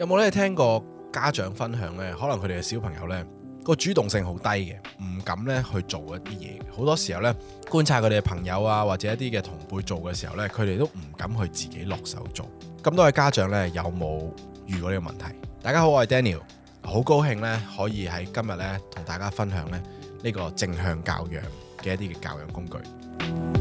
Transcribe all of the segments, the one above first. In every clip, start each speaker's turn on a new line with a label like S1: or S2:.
S1: 有冇咧聽過家長分享咧？可能佢哋嘅小朋友咧，個主動性好低嘅，唔敢咧去做一啲嘢。好多時候咧，觀察佢哋嘅朋友啊，或者一啲嘅同輩做嘅時候咧，佢哋都唔敢去自己落手做。咁多位家長咧，有冇遇過呢個問題？大家好，我係 Daniel，好高興咧可以喺今日咧同大家分享咧呢個正向教養嘅一啲嘅教養工具。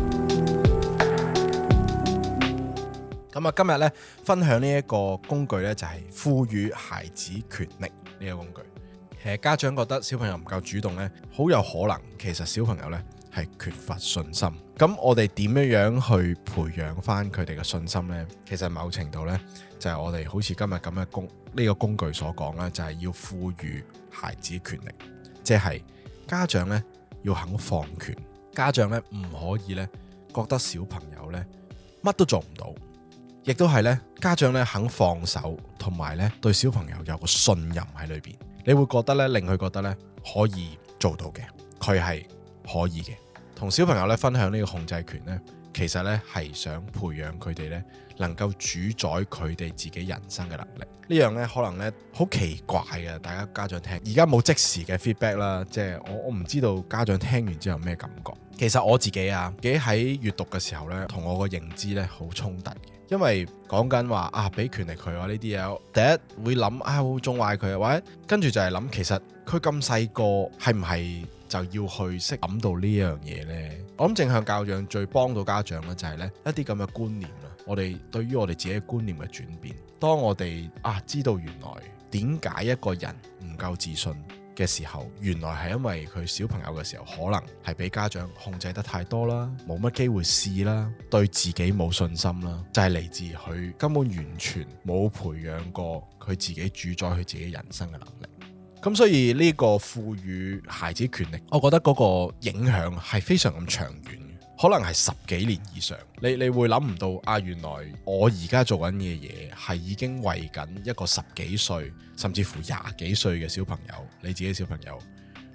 S1: 咁啊，今日咧分享呢一個工具咧，就係賦予孩子權力呢個工具。其實家長覺得小朋友唔夠主動咧，好有可能其實小朋友咧係缺乏信心。咁我哋點樣樣去培養翻佢哋嘅信心呢？其實某程度咧就係我哋好似今日咁嘅工呢個工具所講啦，就係要賦予孩子權力，即係家長咧要肯放權，家長咧唔可以咧覺得小朋友咧乜都做唔到。亦都係咧，家長咧肯放手，同埋咧對小朋友有個信任喺裏邊，你會覺得咧令佢覺得咧可以做到嘅，佢係可以嘅。同小朋友咧分享呢個控制權咧，其實咧係想培養佢哋咧能夠主宰佢哋自己人生嘅能力。呢樣咧可能咧好奇怪嘅，大家家長聽，而家冇即時嘅 feedback 啦，即係我我唔知道家長聽完之後咩感覺。其實我自己啊，自己喺閱讀嘅時候咧，同我個認知咧好衝突。因為講緊話啊，俾權力佢啊呢啲嘢，第一會諗啊、哎、會縱壞佢，或者跟住就係諗其實佢咁細個係唔係就要去識諗到呢樣嘢呢？我諗正向教養最幫到家長嘅就係、是、呢一啲咁嘅觀念啦。我哋對於我哋自己嘅觀念嘅轉變，當我哋啊知道原來點解一個人唔夠自信嘅時候，原來係因為佢小朋友嘅時候，可能係俾家長控制得太多啦，冇乜機會試啦，對自己冇信心啦，就係嚟自佢根本完全冇培養過佢自己主宰佢自己人生嘅能力。咁所以呢個賦予孩子權力，我覺得嗰個影響係非常咁長遠。可能係十幾年以上，你你會諗唔到啊！原來我而家做緊嘅嘢係已經為緊一個十幾歲甚至乎廿幾歲嘅小朋友，你自己小朋友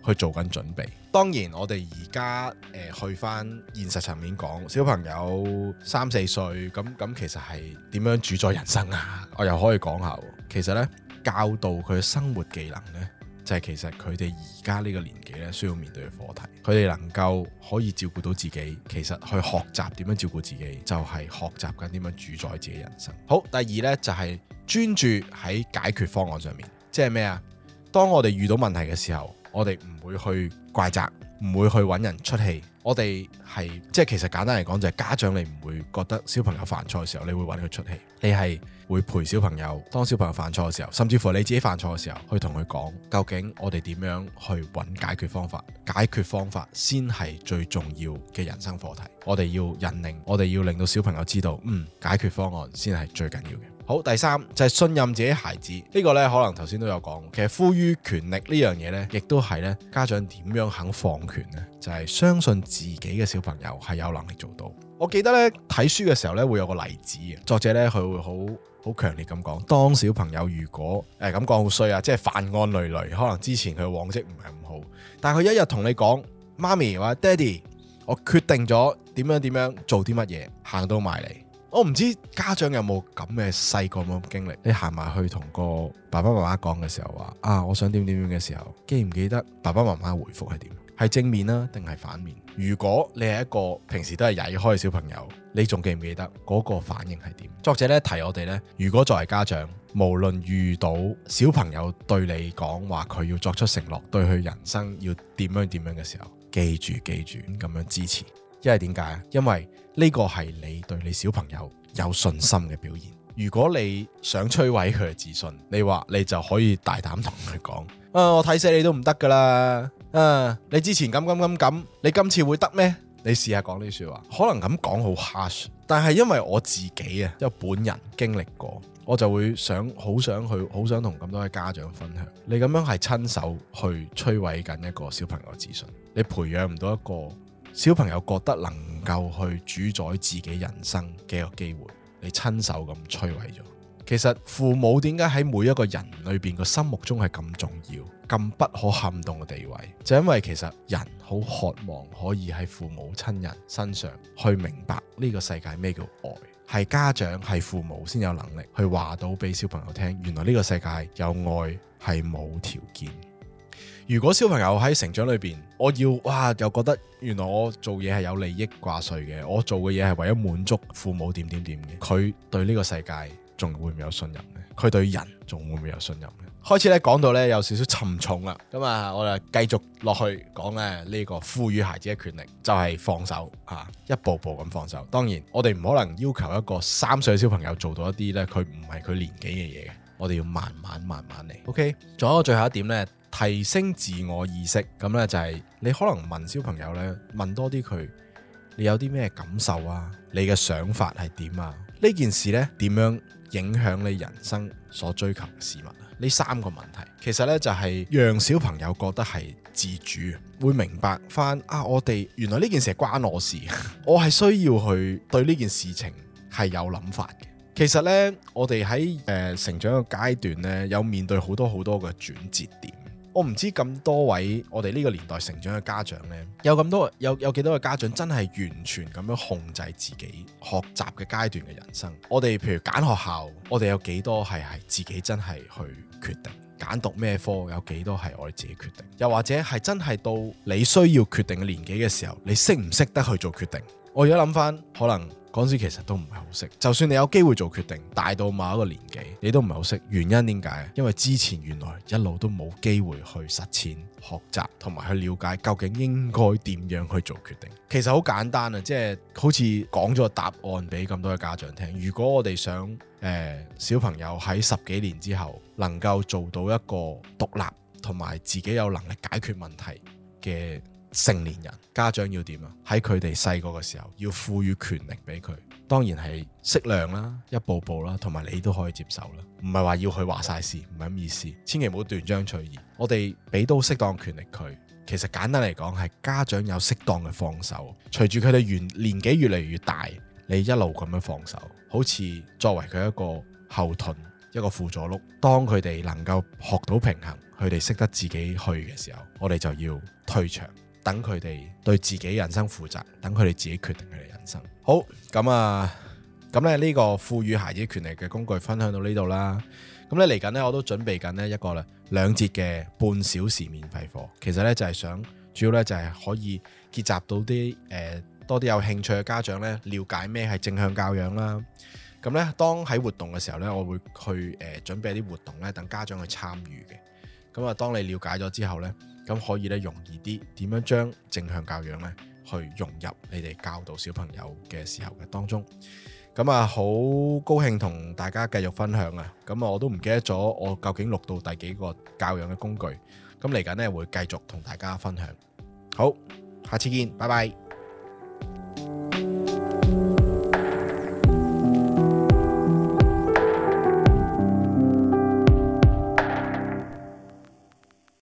S1: 去做緊準備。當然我，我哋而家誒去翻現實層面講，小朋友三四歲咁咁，其實係點樣主宰人生啊？我又可以講下，其實呢，教導佢生活技能呢。就係其實佢哋而家呢個年紀咧，需要面對嘅課題，佢哋能夠可以照顧到自己，其實去學習點樣照顧自己，就係學習緊點樣主宰自己人生。好，第二呢，就係專注喺解決方案上面，即係咩啊？當我哋遇到問題嘅時候，我哋唔會去怪責，唔會去揾人出氣。我哋係即係其實簡單嚟講就係家長你唔會覺得小朋友犯錯嘅時候，你會搵佢出氣，你係會陪小朋友，當小朋友犯錯嘅時候，甚至乎你自己犯錯嘅時候，去同佢講究竟我哋點樣去搵解決方法？解決方法先係最重要嘅人生課題。我哋要引領，我哋要令到小朋友知道，嗯，解決方案先係最緊要嘅。好，第三就係、是、信任自己孩子呢、呢個呢，可能頭先都有講，其實賦予權力呢樣嘢呢，亦都係呢家長點樣肯放權呢？就係、是、相信。自己嘅小朋友係有能力做到。我記得呢睇書嘅時候呢，會有個例子，作者呢，佢會好好強烈咁講，當小朋友如果誒，咁講好衰啊，即係犯案累累，可能之前佢往績唔係咁好，但佢一日同你講媽咪或爹哋，我決定咗點樣點樣做啲乜嘢，行到埋嚟，我唔知家長有冇咁嘅細個冇咁經歷，你行埋去同個爸爸媽媽講嘅時候話啊，我想點點點嘅時候，記唔記得爸爸媽媽回覆係點？係正面啦，定係反面？如果你係一個平時都係曳開嘅小朋友，你仲記唔記得嗰個反應係點？作者咧提我哋呢：「如果作為家長，無論遇到小朋友對你講話，佢要作出承諾，對佢人生要點樣點樣嘅時候，記住記住咁樣支持。因為點解？因為呢個係你對你小朋友有信心嘅表現。如果你想摧毀佢嘅自信，你話你就可以大膽同佢講：誒、啊，我睇死你都唔得噶啦！誒，uh, 你之前咁咁咁咁，你今次會得咩？你試下講呢啲說話，可能咁講好 harsh，但係因為我自己啊，即係本人經歷過，我就會想好想去，好想同咁多嘅家長分享，你咁樣係親手去摧毀緊一個小朋友嘅自信，你培養唔到一個小朋友覺得能夠去主宰自己人生嘅一個機會，你親手咁摧毀咗。其實父母點解喺每一個人裏邊個心目中係咁重要？咁不可撼動嘅地位，就因為其實人好渴望可以喺父母親人身上去明白呢個世界咩叫愛，係家長，係父母先有能力去話到俾小朋友聽，原來呢個世界有愛係冇條件。如果小朋友喺成長裏邊，我要，哇，又覺得原來我做嘢係有利益掛帥嘅，我做嘅嘢係為咗滿足父母點點點嘅，佢對呢個世界。仲會唔會有信任咧？佢對人仲會唔會有信任咧？開始咧講到咧有少少沉重啦。咁啊，我哋繼續落去講咧呢個賦予孩子嘅權力，就係放手啊，一步步咁放手。當然，我哋唔可能要求一個三歲小朋友做到一啲咧佢唔係佢年紀嘅嘢，我哋要慢慢慢慢嚟。OK，仲有一個最後一點呢：提升自我意識。咁呢，就係你可能問小朋友呢：「問多啲佢，你有啲咩感受啊？你嘅想法係點啊？呢件事呢，點樣？影響你人生所追求嘅事物。呢三個問題，其實呢，就係讓小朋友覺得係自主，會明白翻啊！我哋原來呢件事係關我事，我係需要去對呢件事情係有諗法嘅。其實呢，我哋喺誒成長嘅階段呢，有面對好多好多嘅轉折點。我唔知咁多位我哋呢個年代成長嘅家長呢，有咁多有有幾多個家長真係完全咁樣控制自己學習嘅階段嘅人生。我哋譬如揀學校，我哋有幾多係係自己真係去決定？揀讀咩科，有幾多係我哋自己決定？又或者係真係到你需要決定嘅年紀嘅時候，你識唔識得去做決定？我而家諗翻，可能。嗰時其實都唔係好識，就算你有機會做決定，大到某一個年紀，你都唔係好識。原因點解？因為之前原來一路都冇機會去實踐、學習同埋去了解，究竟應該點樣去做決定。其實好簡單啊，即係好似講咗答案俾咁多嘅家長聽。如果我哋想誒呃小朋友喺十幾年之後能夠做到一個獨立同埋自己有能力解決問題嘅成年人，家長要點啊？喺佢哋細個嘅時候，要賦予權力俾佢，當然係適量啦，一步步啦，同埋你都可以接受啦，唔係話要去話晒事，唔係咁意思。千祈唔好斷章取義。我哋俾到適當權力佢，其實簡單嚟講係家長有適當嘅放手。隨住佢哋年年紀越嚟越大，你一路咁樣放手，好似作為佢一個後盾、一個輔助輪。當佢哋能夠學到平衡，佢哋識得自己去嘅時候，我哋就要退場。等佢哋對自己人生負責，等佢哋自己決定佢哋人生。好，咁啊，咁咧呢個賦予孩子權力嘅工具分享到呢度啦。咁咧嚟緊呢，我都準備緊呢一個兩節嘅半小時免費課。其實呢，就係想，主要呢，就係可以結集到啲誒、呃、多啲有興趣嘅家長呢，了解咩係正向教養啦。咁呢，當喺活動嘅時候呢，我會去誒、呃、準備啲活動呢，等家長去參與嘅。咁啊，當你了解咗之後呢。咁可以咧容易啲，點樣將正向教養咧去融入你哋教導小朋友嘅時候嘅當中。咁啊，好高興同大家繼續分享啊！咁啊，我都唔記得咗我究竟錄到第幾個教養嘅工具。咁嚟緊呢，會繼續同大家分享。好，下次見，拜拜。